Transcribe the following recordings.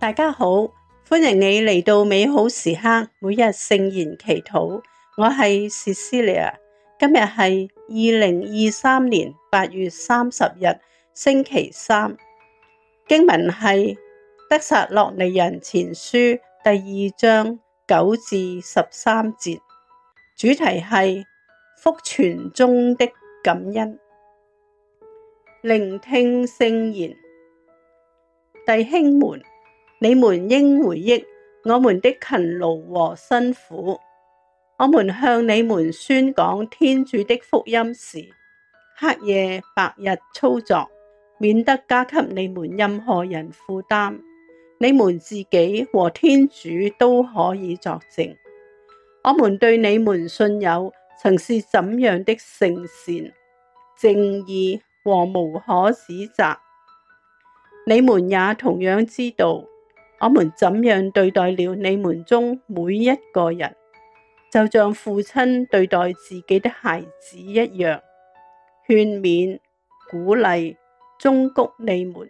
大家好，歡迎你嚟到美好時刻每日聖言祈禱。我係 Cecilia，今日係二零二三年八月三十日星期三。經文係得撒洛尼人前書第二章九至十三節，主題係福傳中的感恩。聆聽聖言，弟兄們。你們應回憶我們的勤勞和辛苦。我們向你們宣講天主的福音時，黑夜白日操作，免得加給你們任何人負擔。你們自己和天主都可以作證，我們對你們信友曾是怎樣的聖善、正義和無可指摘。你們也同樣知道。我們怎樣對待了你們中每一個人，就像父親對待自己的孩子一樣，勸勉、鼓勵、忠告你們，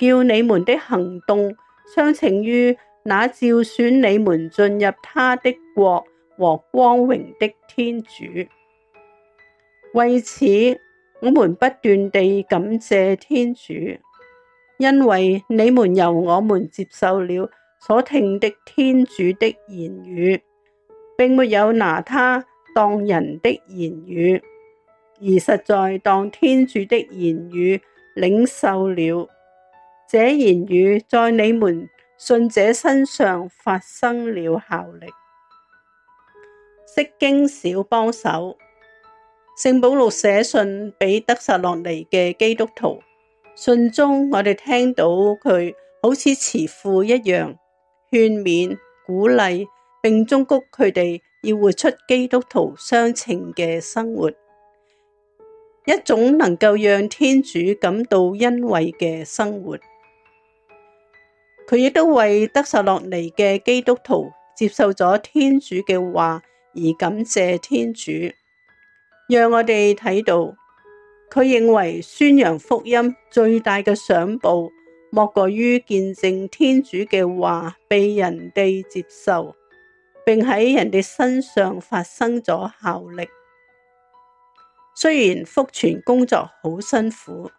叫你們的行動相稱於那召選你們進入他的國和光榮的天主。為此，我們不斷地感謝天主。因為你們由我們接受了所聽的天主的言語，並沒有拿他當人的言語，而實在當天主的言語領受了。這言語在你們信者身上發生了效力。釋經小幫手，聖保祿寫信俾得撒洛尼嘅基督徒。信中，我哋聽到佢好似慈父一樣勸勉、鼓勵，並忠告佢哋要活出基督徒相稱嘅生活，一種能夠讓天主感到欣慰嘅生活。佢亦都為得撒洛尼嘅基督徒接受咗天主嘅話而感謝天主，讓我哋睇到。佢認為宣揚福音最大嘅賞報，莫過於見證天主嘅話被人哋接受，並喺人哋身上發生咗效力。雖然福傳工作好辛苦，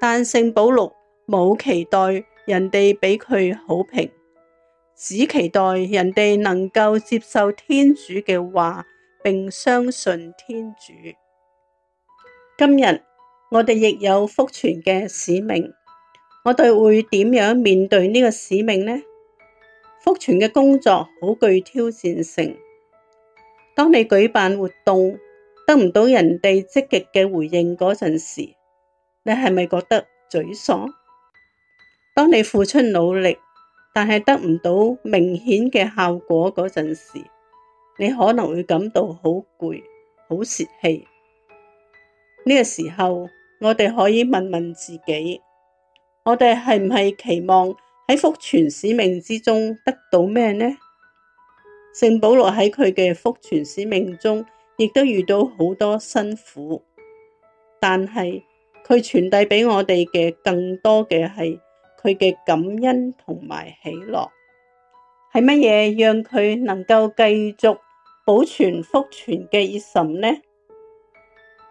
但聖保祿冇期待人哋俾佢好評，只期待人哋能夠接受天主嘅話，並相信天主。今日我哋亦有福傳嘅使命，我哋會點樣面對呢個使命呢？福傳嘅工作好具挑戰性。當你舉辦活動得唔到人哋積極嘅回應嗰陣時，你係咪覺得沮喪？當你付出努力，但係得唔到明顯嘅效果嗰陣時，你可能會感到好攰、好洩氣。呢個時候，我哋可以問問自己，我哋係唔係期望喺福傳使命之中得到咩呢？聖保祿喺佢嘅福傳使命中，亦都遇到好多辛苦，但係佢傳遞畀我哋嘅更多嘅係佢嘅感恩同埋喜樂。係乜嘢讓佢能夠繼續保存福傳嘅熱忱呢？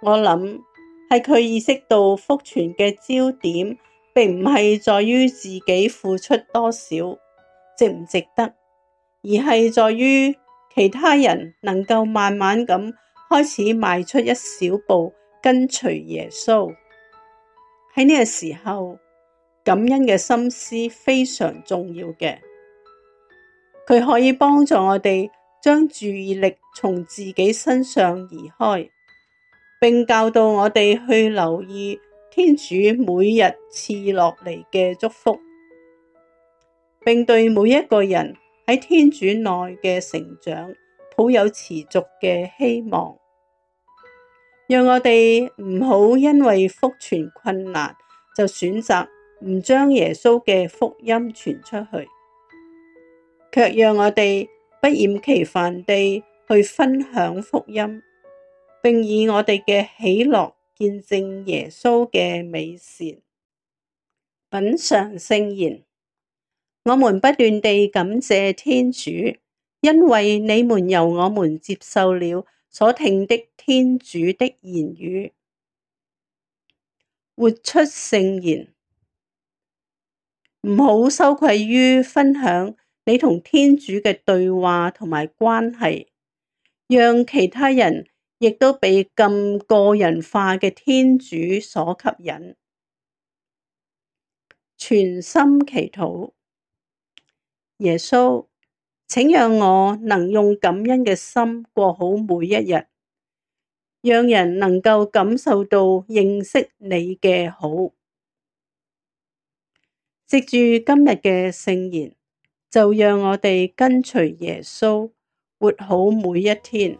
我諗係佢意識到福傳嘅焦點，並唔係在於自己付出多少，值唔值得，而係在於其他人能夠慢慢咁開始邁出一小步，跟隨耶穌。喺呢個時候，感恩嘅心思非常重要嘅，佢可以幫助我哋將注意力從自己身上移開。並教導我哋去留意天主每日賜落嚟嘅祝福，並對每一個人喺天主內嘅成長抱有持續嘅希望。讓我哋唔好因為福傳困難就選擇唔將耶穌嘅福音傳出去，卻讓我哋不厭其煩地去分享福音。並以我哋嘅喜樂見證耶穌嘅美善，品嚐聖言。我們不斷地感謝天主，因為你們由我們接受了所聽的天主的言語，活出聖言。唔好羞愧於分享你同天主嘅對話同埋關係，讓其他人。亦都被咁個人化嘅天主所吸引，全心祈禱。耶穌，請讓我能用感恩嘅心過好每一日，讓人能夠感受到認識祢嘅好。藉住今日嘅聖言，就讓我哋跟隨耶穌，活好每一天。